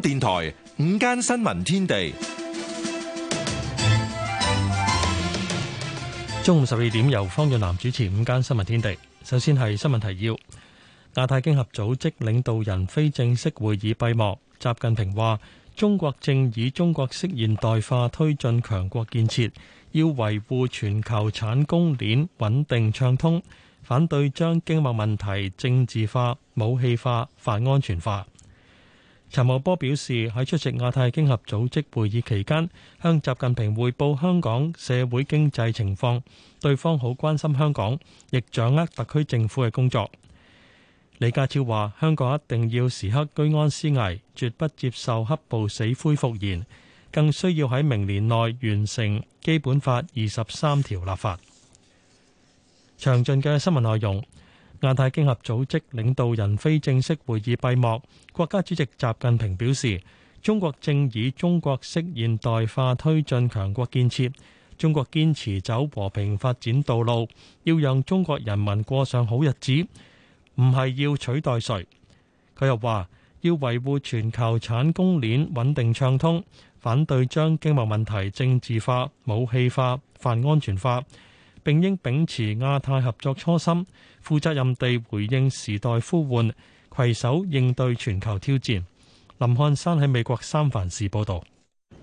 電台午間新聞天地，中午十二點由方潤南主持午間新聞天地。首先係新聞提要：亞太經合組織領導人非正式會議閉幕，習近平話中國正以中國式現代化推進強國建設，要維護全球產供鏈穩定暢通，反對將經貿問題政治化、武器化、泛安全化。陳茂波表示喺出席亞太經合組織會議期間，向習近平匯報香港社會經濟情況，對方好關心香港，亦掌握特區政府嘅工作。李家超話：香港一定要時刻居安思危，絕不接受黑暴死灰復燃，更需要喺明年內完成《基本法》二十三條立法。詳盡嘅新聞內容。亞太經合組織領導人非正式會議閉幕，國家主席習近平表示：中國正以中國式現代化推進強國建設，中國堅持走和平發展道路，要讓中國人民過上好日子，唔係要取代誰。佢又話：要維護全球產供鏈穩定暢通，反對將經貿問題政治化、武器化、泛安全化。並應秉持亞太合作初心，負責任地回應時代呼喚，攜手應對全球挑戰。林漢山喺美國三藩市報道。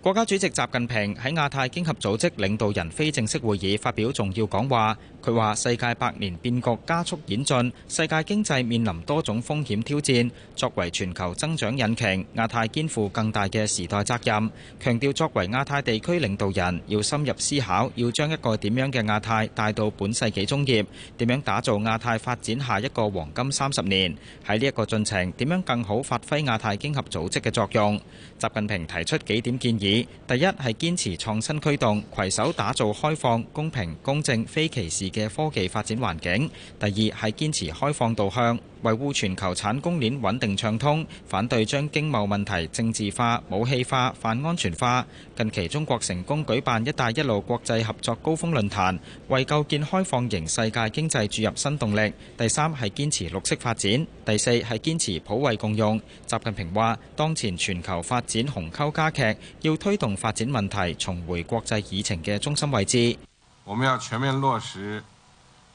國家主席習近平喺亞太經合組織領導人非正式會議發表重要講話。佢話世界百年變局加速演進，世界經濟面臨多種風險挑戰。作為全球增長引擎，亞太肩負更大嘅時代責任。強調作為亞太地區領導人，要深入思考，要將一個點樣嘅亞太帶到本世紀中葉，點樣打造亞太發展下一個黃金三十年。喺呢一個進程，點樣更好發揮亞太經合組織嘅作用？習近平提出幾點建議。第一係堅持創新驅動，携手打造開放、公平、公正、非歧視嘅科技發展環境；第二係堅持開放導向。維護全球產供鏈穩定暢通，反對將經貿問題政治化、武器化、泛安全化。近期中國成功舉辦「一帶一路」國際合作高峰論壇，為構建開放型世界經濟注入新動力。第三係堅持綠色發展，第四係堅持普惠共用。習近平話：當前全球發展鴻溝加劇，要推動發展問題重回國際議程嘅中心位置。我們要全面落實。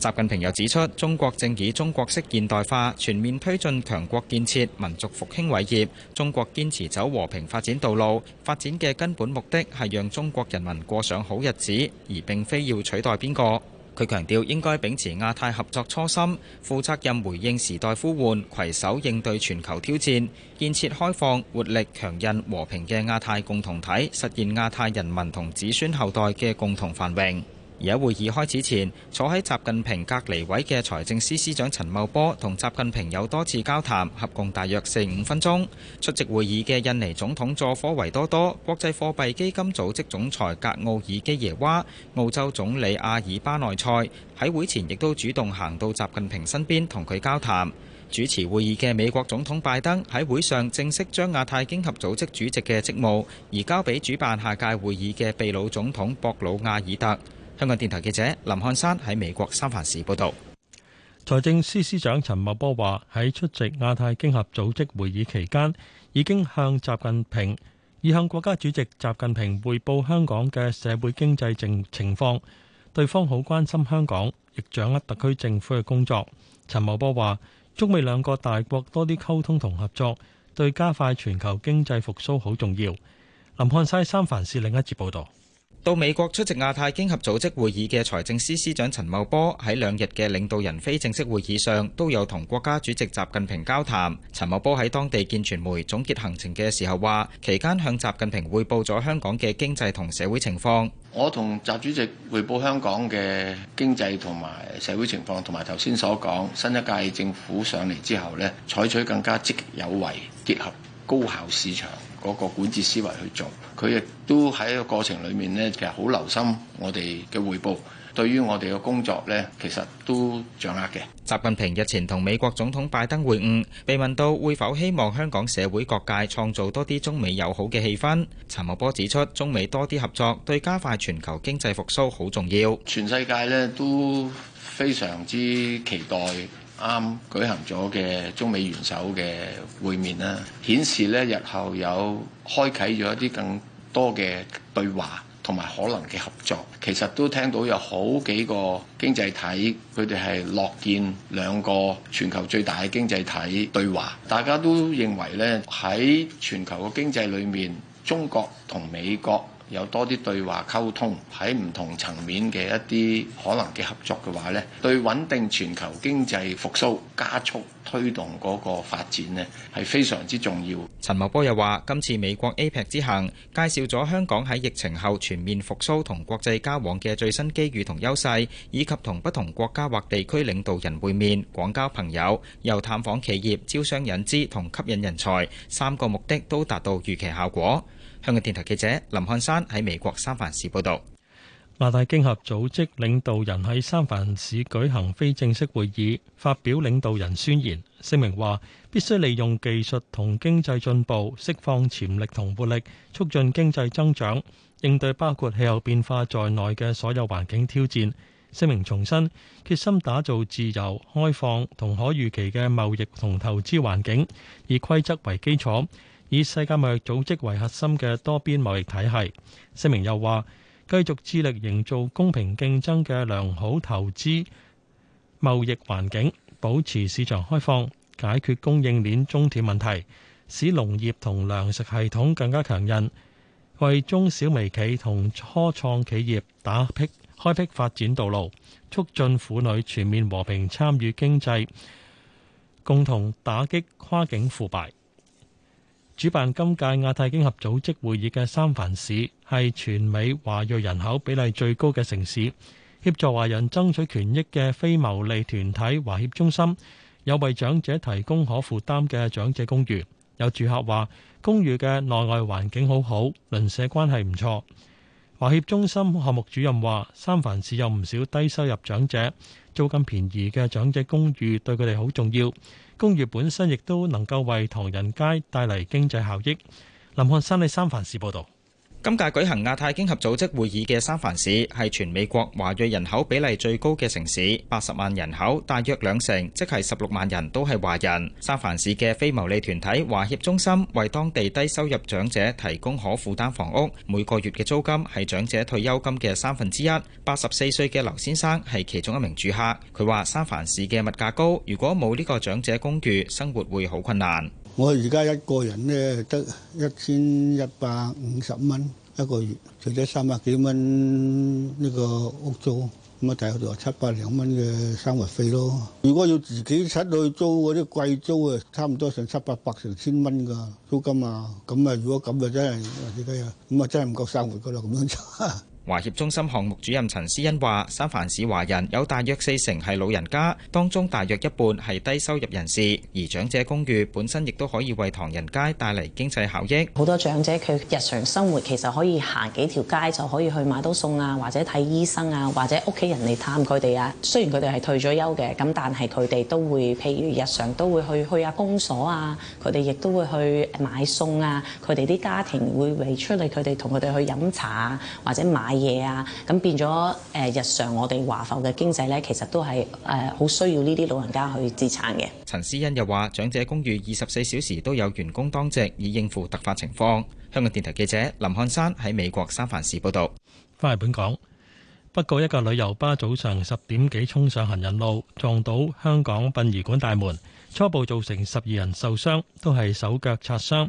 習近平又指出，中國正以中國式現代化全面推進強國建設、民族復興偉業。中國堅持走和平發展道路，發展嘅根本目的係讓中國人民過上好日子，而並非要取代邊個。佢強調，應該秉持亞太合作初心，負責任回應時代呼喚，攜手應對全球挑戰，建設開放、活力、強韌、和平嘅亞太共同體，實現亞太人民同子孫後代嘅共同繁榮。而喺會議開始前，坐喺習近平隔離位嘅財政司司長陳茂波同習近平有多次交談，合共大約四五分鐘。出席會議嘅印尼總統佐科維多多、國際貨幣基金組織總裁格奧爾基耶娃、澳洲總理阿爾巴內塞喺會前亦都主動行到習近平身邊同佢交談。主持會議嘅美國總統拜登喺會上正式將亞太經合組織主席嘅職務移交俾主辦下屆會議嘅秘魯總統博魯亞爾特。.香港電台記者林漢山喺美國三藩市報道，財政司司司長陳茂波話：喺出席亞太經合組織會議期間，已經向習近平，已向國家主席習近平匯報香港嘅社會經濟情情況。對方好關心香港，亦掌握特區政府嘅工作。陳茂波話：中美兩個大國多啲溝通同合作，對加快全球經濟復蘇好重要。林漢山三藩市另一節報道。到美國出席亞太經合組織會議嘅財政司司長陳茂波喺兩日嘅領導人非正式會議上，都有同國家主席習近平交談。陳茂波喺當地見傳媒總結行程嘅時候話，期間向習近平匯報咗香港嘅經濟同社會情況。我同習主席匯報香港嘅經濟同埋社會情況，同埋頭先所講，新一屆政府上嚟之後咧，採取更加積極有為，結合高效市場。嗰個管治思維去做，佢亦都喺個過程裏面呢，其實好留心我哋嘅匯報。對於我哋嘅工作呢，其實都掌握嘅。習近平日前同美國總統拜登會晤，被問到會否希望香港社會各界創造多啲中美友好嘅氣氛，陳茂波指出，中美多啲合作對加快全球經濟復甦好重要。全世界呢都非常之期待。啱舉行咗嘅中美元首嘅會面啦，顯示咧日後有開啟咗一啲更多嘅對話同埋可能嘅合作。其實都聽到有好幾個經濟體佢哋係樂見兩個全球最大嘅經濟體對話，大家都認為咧喺全球嘅經濟裏面，中國同美國。有多啲對話溝通，喺唔同層面嘅一啲可能嘅合作嘅話呢，對穩定全球經濟復甦，加速推動嗰個發展呢係非常之重要。陳茂波又話：今次美國 APEC 之行，介紹咗香港喺疫情後全面復甦同國際交往嘅最新機遇同優勢，以及同不同國家或地區領導人會面、廣交朋友、又探訪企業、招商引資同吸引人才三個目的都達到預期效果。香港電台記者林漢山喺美國三藩市報道，亞太經合組織領導人喺三藩市舉行非正式會議，發表領導人宣言聲明，話必須利用技術同經濟進步釋放潛力同活力，促進經濟增長，應對包括氣候變化在內嘅所有環境挑戰。聲明重申，決心打造自由、開放同可預期嘅貿易同投資環境，以規則為基礎。以世界貿易組織為核心嘅多邊貿易體系，聲明又話：繼續致力營造公平競爭嘅良好投資貿易環境，保持市場開放，解決供應鏈中斷問題，使農業同糧食系統更加強韌，為中小微企同初創企業打闢開闢發展道路，促進婦女全面和平參與經濟，共同打擊跨境腐敗。主辦今屆亞太經合組織會議嘅三藩市係全美華裔人口比例最高嘅城市，協助華人爭取權益嘅非牟利團體華協中心，有為長者提供可負擔嘅長者公寓。有住客話，公寓嘅內外環境好好，鄰舍關係唔錯。華協中心項目主任話，三藩市有唔少低收入長者，租金便宜嘅長者公寓對佢哋好重要。公寓本身亦都能夠為唐人街帶嚟經濟效益。林漢生喺三藩市報道。今屆舉行亞太經合組織會議嘅三藩市係全美國華裔人口比例最高嘅城市，八十萬人口大約兩成，即係十六萬人都係華人。三藩市嘅非牟利團體華協中心為當地低收入長者提供可負擔房屋，每個月嘅租金係長者退休金嘅三分之一。八十四歲嘅劉先生係其中一名住客，佢話三藩市嘅物價高，如果冇呢個長者公寓，生活會好困難。我而家一個人咧得一千一百五十蚊一個月，除咗三百幾蚊呢個屋租，咁啊大概就七百零蚊嘅生活費咯。如果要自己出去租嗰啲貴租啊，差唔多成七八百,百成千蚊噶租金啊，咁啊如果咁啊真係自己啊，咁啊真係唔夠生活噶啦咁樣 華協中心項目主任陳思欣話，三藩市華人有大約四成係老人家，當中大約一半係低收入人士。而長者公寓本身亦都可以為唐人街帶嚟經濟效益。好多長者佢日常生活其實可以行幾條街就可以去買到餸啊，或者睇醫生啊，或者屋企人嚟探佢哋啊。雖然佢哋係退咗休嘅，咁但係佢哋都會，譬如日常都會去去下公所啊，佢哋亦都會去買餸啊。佢哋啲家庭會嚟出嚟，佢哋同佢哋去飲茶啊，或者買。嘢啊，咁變咗誒，日常我哋華埠嘅經濟呢，其實都係誒好需要呢啲老人家去支撐嘅。陳思欣又話：長者公寓二十四小時都有員工當值，以應付突發情況。香港電台記者林漢山喺美國三藩市報道。翻嚟本港，不過一個旅遊巴早上十點幾衝上行人路，撞到香港殯儀館大門，初步造成十二人受傷，都係手腳擦傷。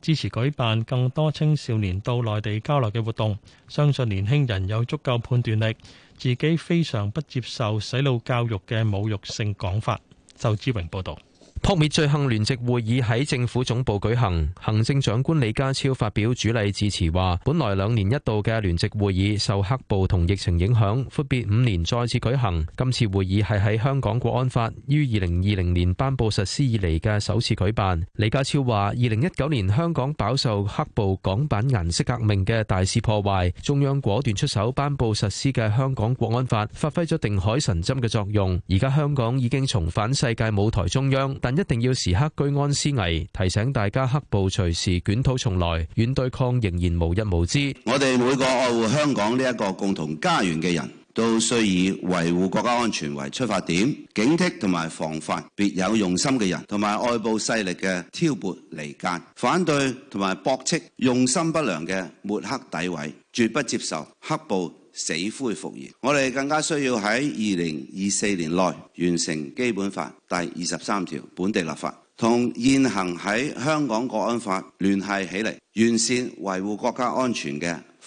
支持舉辦更多青少年到內地交流嘅活動，相信年輕人有足夠判斷力，自己非常不接受洗腦教育嘅侮辱性講法。周志榮報導。撲滅罪行聯席會議喺政府總部舉行，行政長官李家超發表主禮致辭話，本來兩年一度嘅聯席會議受黑暴同疫情影響，闊別五年再次舉行。今次會議係喺香港國安法於二零二零年頒布實施以嚟，嘅首次舉辦。李家超話：二零一九年香港飽受黑暴，港版顏色革命嘅大肆破壞，中央果斷出手頒布實施嘅香港國安法，發揮咗定海神針嘅作用。而家香港已經重返世界舞台，中央等。一定要時刻居安思危，提醒大家黑暴隨時捲土重來，軟對抗仍然無日無之。我哋每個愛護香港呢一個共同家園嘅人都需以維護國家安全為出發點，警惕同埋防範別有用心嘅人同埋外部勢力嘅挑撥離間、反對同埋駁斥用心不良嘅抹黑詆毀，絕不接受黑暴死灰復燃，我哋更加需要喺二零二四年內完成基本法第二十三條本地立法，同現行喺香港國安法聯繫起嚟，完善維護國家安全嘅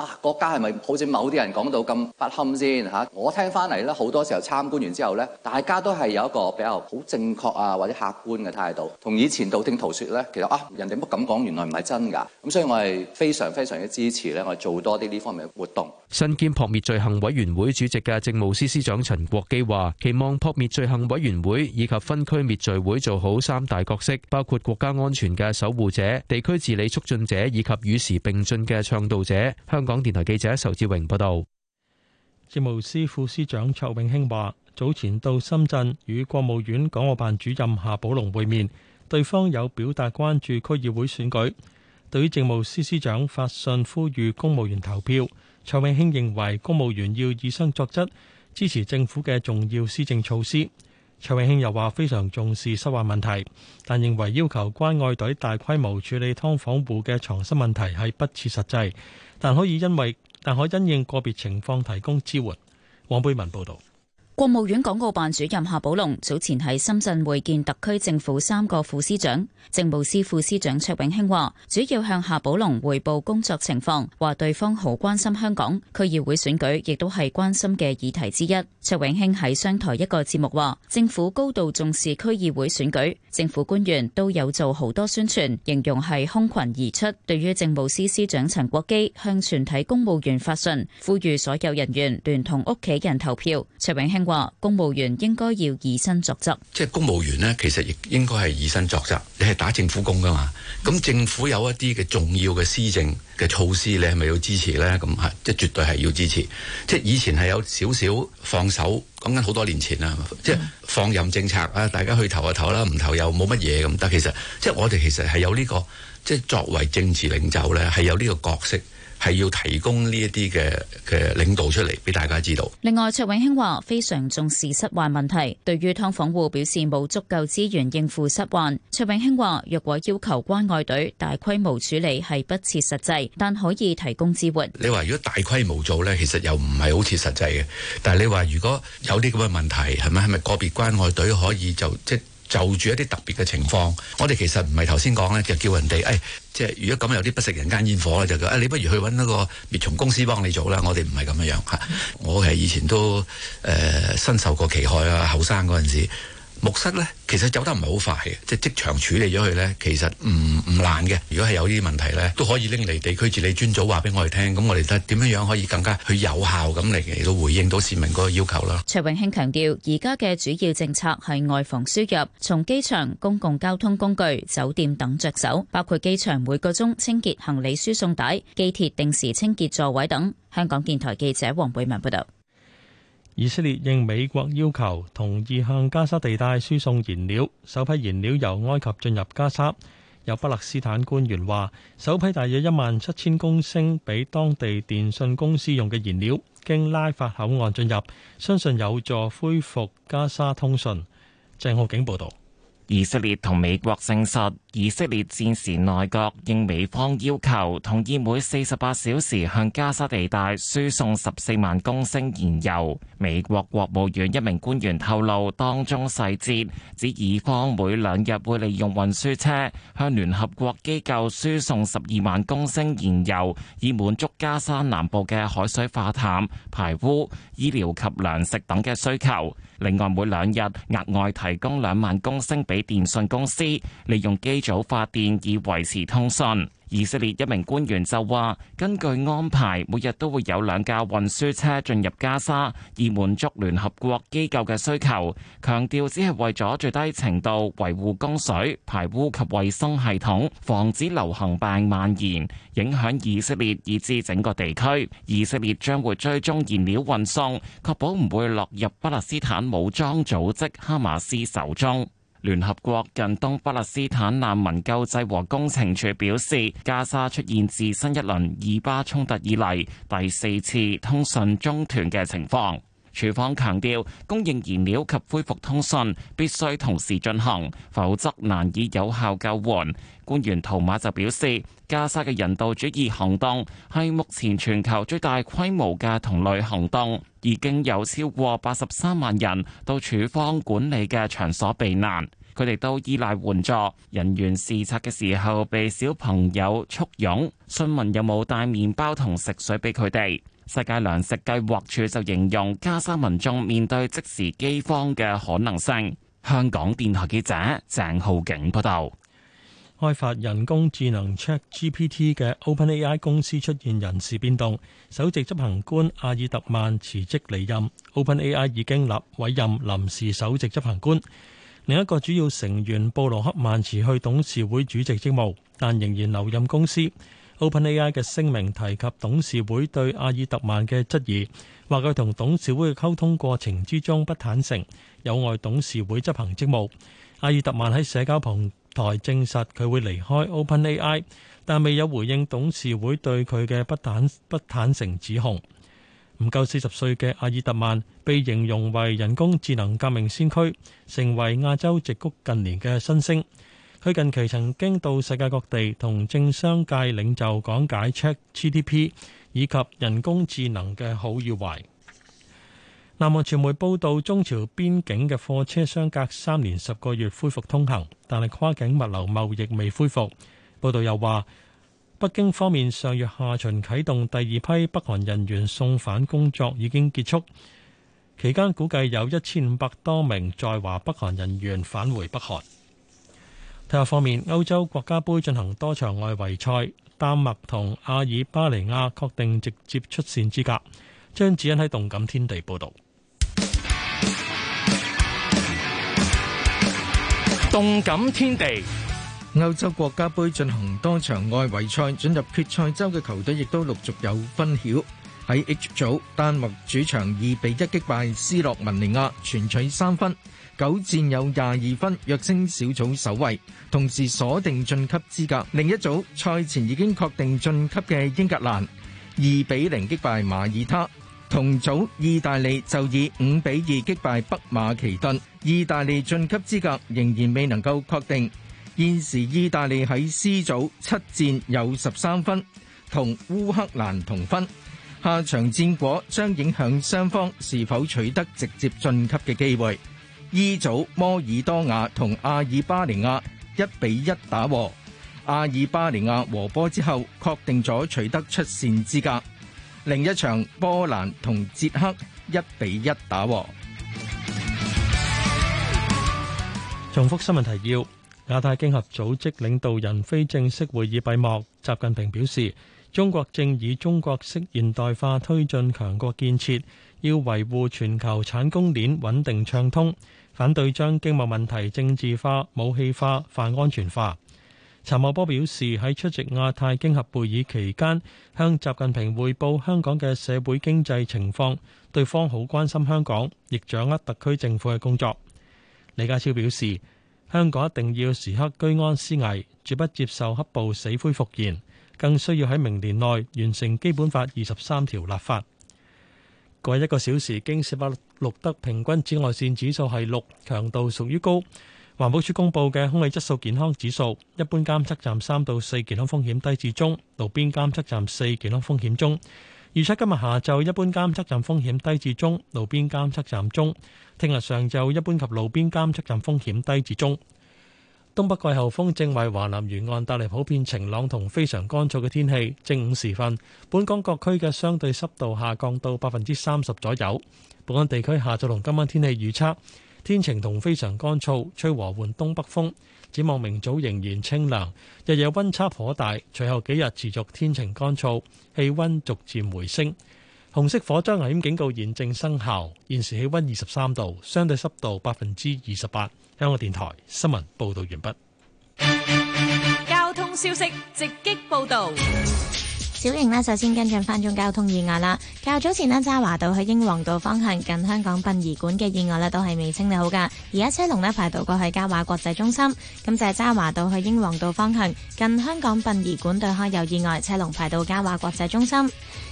啊！國家係咪好似某啲人講到咁不堪先嚇、啊？我聽翻嚟咧，好多時候參觀完之後咧，大家都係有一個比較好正確啊或者客觀嘅態度，同以前道聽途説咧，其實啊人哋乜噉講，原來唔係真㗎。咁、啊、所以我係非常非常之支持咧，我做多啲呢方面嘅活動。身兼撲滅罪行委員會主席嘅政務司司長陳國基話，期望撲滅罪行委員會以及分區滅罪會做好三大角色，包括國家安全嘅守護者、地區治理促進者以及與時並進嘅倡導者。香港港電台記者仇志榮報道，政務司副司長卓永興話：早前到深圳與國務院港澳辦主任夏寶龍會面，對方有表達關注區議會選舉。對於政務司司長發信呼籲公務員投票，卓永興認為公務員要以身作則，支持政府嘅重要施政措施。徐永慶又話非常重視蝨患問題，但認為要求關愛隊大規模處理劏房戶嘅床蝨問題係不切實際，但可以因為但可以因應個別情況提供支援。黃貝文報導。國務院港澳辦主任夏寶龍早前喺深圳會見特區政府三個副司長，政務司副司長卓永興話，主要向夏寶龍匯報工作情況，話對方好關心香港區議會選舉，亦都係關心嘅議題之一。卓永興喺商台一個節目話，政府高度重視區議會選舉，政府官員都有做好多宣傳，形容係空群而出。對於政務司司長陳國基向全體公務員發信，呼籲所有人員聯同屋企人投票，卓永興話公務員應該要以身作則，即係公務員呢，其實亦應該係以身作則。你係打政府工噶嘛？咁政府有一啲嘅重要嘅施政嘅措施，你係咪要支持呢？咁係，即係絕對係要支持。即係以前係有少少放手，講緊好多年前啦，嗯、即係放任政策啊，大家去投就投啦，唔投又冇乜嘢咁，但其實，即係我哋其實係有呢個，即係作為政治領袖呢，係有呢個角色。係要提供呢一啲嘅嘅領導出嚟俾大家知道。另外，卓永興話非常重視失患問題，對於劏房戶表示冇足夠資源應付失患。卓永興話，若果要求關愛隊大規模處理係不切實際，但可以提供支援。你話如果大規模做呢，其實又唔係好切實際嘅。但係你話如果有啲咁嘅問題，係咪係咪個別關愛隊可以就即？就住一啲特別嘅情況，我哋其實唔係頭先講咧，就叫人哋誒，即、哎、係如果咁有啲不食人間煙火咧，就叫，啊、哎，你不如去揾一個滅蟲公司幫你做啦。我哋唔係咁樣嚇， 我係以前都誒身、呃、受過其害啊，後生嗰陣時。木室呢，其實走得唔係好快嘅，即係即場處理咗佢呢，其實唔唔難嘅。如果係有呢啲問題呢，都可以拎嚟地區治理專組話俾我哋聽，咁我哋睇點樣樣可以更加去有效咁嚟嚟到回應到市民嗰個要求啦。卓永興強調，而家嘅主要政策係外防輸入，從機場、公共交通工具、酒店等着手，包括機場每個鐘清潔行李輸送帶、機鐵定時清潔座位等。香港電台記者黃貝文報道。以色列應美國要求，同意向加沙地帶輸送燃料。首批燃料由埃及進入加沙。有巴勒斯坦官員話，首批大約一萬七千公升俾當地電訊公司用嘅燃料，經拉法口岸進入，相信有助恢復加沙通訊。鄭浩景報道。以色列同美國證實，以色列戰時內閣應美方要求，同意每四十八小時向加沙地帶輸送十四萬公升燃油。美國國務院一名官員透露，當中細節指，以方每兩日會利用運輸車向聯合國機構輸送十二萬公升燃油，以滿足加沙南部嘅海水化淡、排污、醫療及糧食等嘅需求。另外，每兩日額外提供兩萬公升俾電信公司利用機組發電以維持通訊。以色列一名官員就話，根據安排，每日都會有兩架運輸車進入加沙，以滿足聯合國機構嘅需求。強調只係為咗最低程度維護供水、排污及衛生系統，防止流行病蔓延，影響以色列以至整個地區。以色列將會追蹤燃料運送，確保唔會落入巴勒斯坦武裝組織哈馬斯手中。聯合國近東巴勒斯坦難民救濟和工程處表示，加沙出現自新一輪以巴衝突以嚟第四次通訊中斷嘅情況。處方強調，供應燃料及恢復通訊必須同時進行，否則難以有效救援。官員圖馬就表示，加沙嘅人道主義行動係目前全球最大規模嘅同類行動，已經有超過八十三萬人到處方管理嘅場所避難，佢哋都依賴援助，人員視察嘅時候被小朋友簇擁，詢問有冇帶麵包同食水俾佢哋。世界糧食計劃署就形容加沙民眾面對即時饑荒嘅可能性。香港電台記者鄭浩景報道，開發人工智能 ChatGPT 嘅 OpenAI 公司出現人事變動，首席執行官阿爾特曼辭職離任，OpenAI 已經立委任臨時首席執行官。另一個主要成員布羅克曼辭去董事會主席職務，但仍然留任公司。OpenAI 嘅聲明提及董事會對阿爾特曼嘅質疑，話佢同董事會嘅溝通過程之中不坦誠，有礙董事會執行職務。阿爾特曼喺社交平台證實佢會離開 OpenAI，但未有回應董事會對佢嘅不坦不坦誠指控。唔夠四十歲嘅阿爾特曼被形容為人工智能革命先驅，成為亞洲矽谷近年嘅新星。佢近期曾經到世界各地同政商界領袖講解 Check GDP 以及人工智能嘅好與壞。南韓傳媒報道，中朝邊境嘅貨車相隔三年十個月恢復通行，但係跨境物流貿易未恢復。報道又話，北京方面上月下旬啟動第二批北韓人員送返工作已經結束，期間估計有一千五百多名在華北韓人員返回北韓。體育方面，歐洲國家盃進行多場外圍賽，丹麥同阿爾巴尼亞確定直接出線資格。張子欣喺動感天地報道。動感天地，歐洲國家盃進行多場外圍賽，進入決賽周嘅球隊亦都陸續有分曉。喺 H 組，丹麥主場二比一擊敗斯洛文尼亞，全取三分。九戰有廿二分，躍升小組首位，同時鎖定晉級資格。另一組賽前已經確定晉級嘅英格蘭二比零擊敗馬爾他，同組意大利就以五比二擊敗北馬其頓。意大利晉級資格仍然未能夠確定。現時意大利喺 C 組七戰有十三分，同烏克蘭同分，下場戰果將影響雙方是否取得直接晉級嘅機會。伊祖摩爾多瓦同阿爾巴尼亞一比一打和，阿爾巴尼亞和波之後確定咗取得出線資格。另一場波蘭同捷克一比一打和。重複新聞提要：亞太經合組織領導人非正式會議閉幕，習近平表示中國正以中國式現代化推進強國建設，要維護全球產供鏈穩定暢通。反對將經貿問題政治化、武器化、泛安全化。陳茂波表示，喺出席亞太經合會議期間，向習近平匯報香港嘅社會經濟情況，對方好關心香港，亦掌握特區政府嘅工作。李家超表示，香港一定要時刻居安思危，絕不接受黑暴死灰復燃，更需要喺明年內完成基本法二十三條立法。過去一個小時，京士柏錄得平均紫外線指數係六，強度屬於高。環保署公布嘅空氣質素健康指數，一般監測站三到四，健康風險低至中，路邊監測站四，健康風險中。預測今日下晝一般監測站風險低至中，路邊監測站中。聽日上晝一般及路邊監測站風險低至中。東北季候風正為華南沿岸帶嚟普遍晴朗同非常乾燥嘅天氣。正午時分，本港各區嘅相對濕度下降到百分之三十左右。本港地區下晝同今晚天氣預測：天晴同非常乾燥，吹和緩東北風。展望明早仍然清涼，日夜溫差頗大。隨後幾日持續天晴乾燥，氣溫逐漸回升。紅色火災危險警告現正生效。現時氣溫二十三度，相對濕度百分之二十八。香港電台新聞報道完畢。交通消息直擊報道。小瑩呢，首先跟進翻宗交通意外啦。較早前呢，渣華道去英皇道方向近香港殯儀館嘅意外呢，都係未清理好㗎。而家車龍呢，排到過去嘉華國際中心，咁就係渣華道去英皇道方向近香港殯儀館對開有意外，車龍排到嘉華國際中心。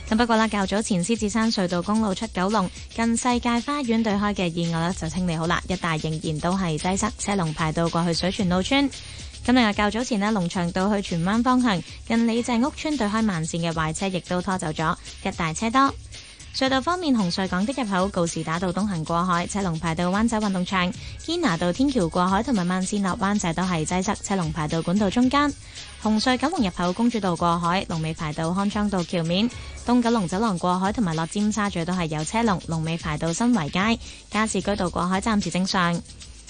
咁不過咧，較早前獅子山隧道公路出九龍近世界花園對開嘅意外呢，就清理好啦，一帶仍然都係擠塞，車龍排到過去水泉澳村。今日較早前咧，龍翔道去荃灣方向近李鄭屋村對開慢線嘅壞車，亦都拖走咗，一大車多。隧道方面，紅隧港島入口告士打道東行過海，車龍排到灣仔運動場；堅拿道天橋過海同埋慢線落灣仔都係擠塞，車龍排到管道中間。紅隧九龍入口公主道過海，龍尾排到康莊道橋面；東九龍走廊過海同埋落尖沙咀都係有車龍，龍尾排到新圍街；加士居道過海暫時正常。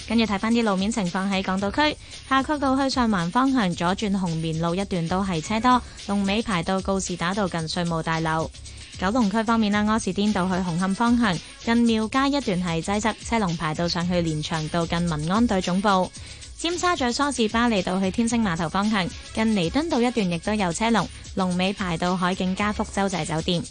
跟住睇翻啲路面情況，喺港島區夏慤道去上環方向左轉紅棉路一段都係車多，龍尾排到告士打道近稅務大樓。九龍區方面啦，柯士甸道去紅磡方向近廟街一段係擠塞，車龍排到上去連翔道近民安隊總部。尖沙咀梳士巴利道去天星碼頭方向近彌敦道一段亦都有車龍，龍尾排到海景嘉福洲際酒店。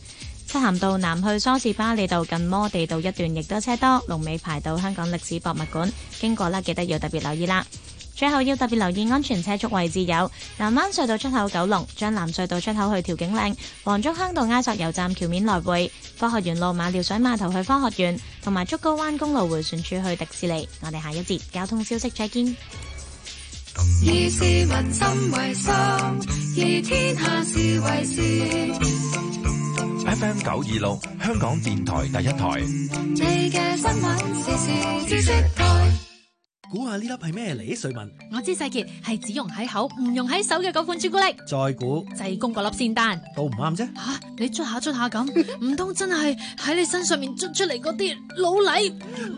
漆咸道南去梳士巴利道近摩地道一段亦都車多，龍尾排到香港歷史博物館，經過啦，記得要特別留意啦。最後要特別留意安全車速位置有南灣隧道出口、九龍將南隧道出口去調景嶺、黃竹坑道埃索油站橋面來回、科學園路馬料水碼頭去科學園，同埋竹篙灣公路回旋處去迪士尼。我哋下一節交通消息再見。以 FM 九二六，26，香港電台第一台。估下呢粒係咩嚟？瑞文，我知世杰係只用喺口唔用喺手嘅嗰款朱古力。再估濟公嗰粒仙丹都唔啱啫。吓，你捽下捽下咁，唔通真係喺你身上面捽出嚟嗰啲老禮？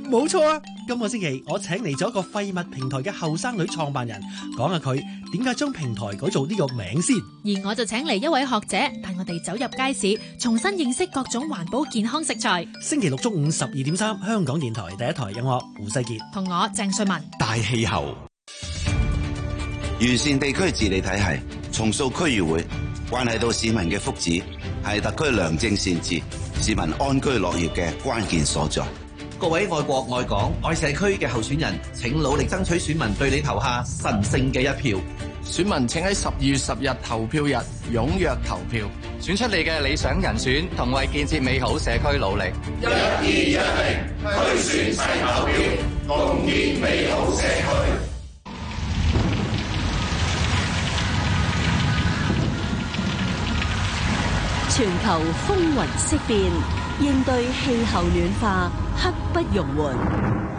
冇錯啊！今個星期我請嚟咗一個廢物平台嘅後生女創辦人，講下佢點解將平台改做呢個名先。而我就請嚟一位學者，帶我哋走入街市，重新認識各種環保健康食材。星期六中午十二點三，香港電台第一台有我胡世杰同我鄭瑞文。大氣候，完善地區治理體系，重塑區議會，關係到市民嘅福祉，係特區良政善治、市民安居樂業嘅關鍵所在。各位愛國愛港愛社區嘅候選人，請努力爭取選民對你投下神聖嘅一票。選民請喺十二月十日投票日踴躍投票，選出你嘅理想人選，同為建設美好社區努力。一是、二、一、零，齊去投票，共建美好社區。全球風雲色變，應對氣候暖化刻不容緩。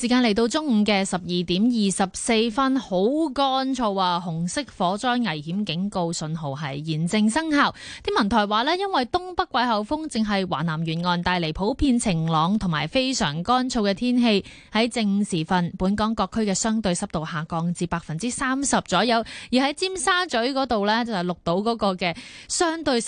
時間嚟到中午嘅十二點二十四分，好乾燥啊！紅色火災危險警告信號係現正生效。天文台話咧，因為東北季候風正係華南沿岸帶嚟普遍晴朗同埋非常乾燥嘅天氣。喺正午時分本港各區嘅相對濕度下降至百分之三十左右，而喺尖沙咀嗰度咧就係錄到嗰個嘅相對濕度。